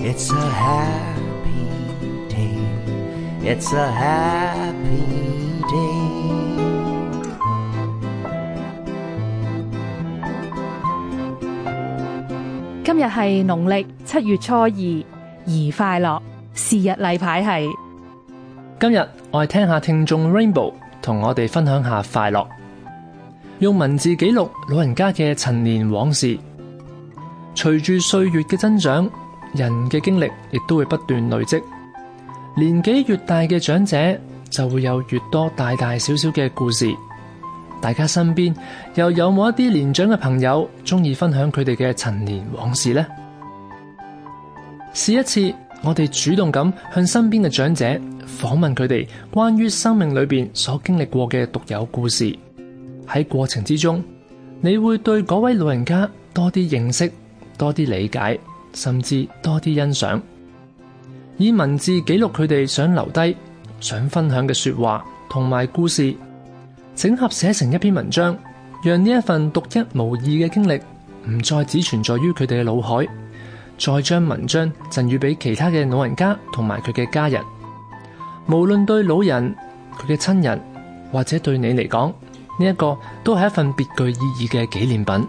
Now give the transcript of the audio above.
It's a happy day. It's a happy day. 今日係農曆七月初二，宜快樂。是日例牌係今日，我哋聽下聽眾 Rainbow 同我哋分享一下快樂，用文字記錄老人家嘅陳年往事。隨住歲月嘅增長，人嘅經歷亦都會不斷累積。年紀越大嘅長者，就會有越多大大小小嘅故事。大家身邊又有冇一啲年長嘅朋友中意分享佢哋嘅陳年往事呢？試一次，我哋主動咁向身邊嘅長者訪問佢哋關於生命裏邊所經歷過嘅獨有故事。喺過程之中，你會對嗰位老人家多啲認識多啲理解，甚至多啲欣賞，以文字記錄佢哋想留低、想分享嘅說話同埋故事，整合寫成一篇文章，讓呢一份獨一無二嘅經歷唔再只存在於佢哋嘅腦海，再將文章贈予俾其他嘅老人家同埋佢嘅家人。無論對老人、佢嘅親人或者對你嚟講，呢一個都係一份別具意義嘅紀念品。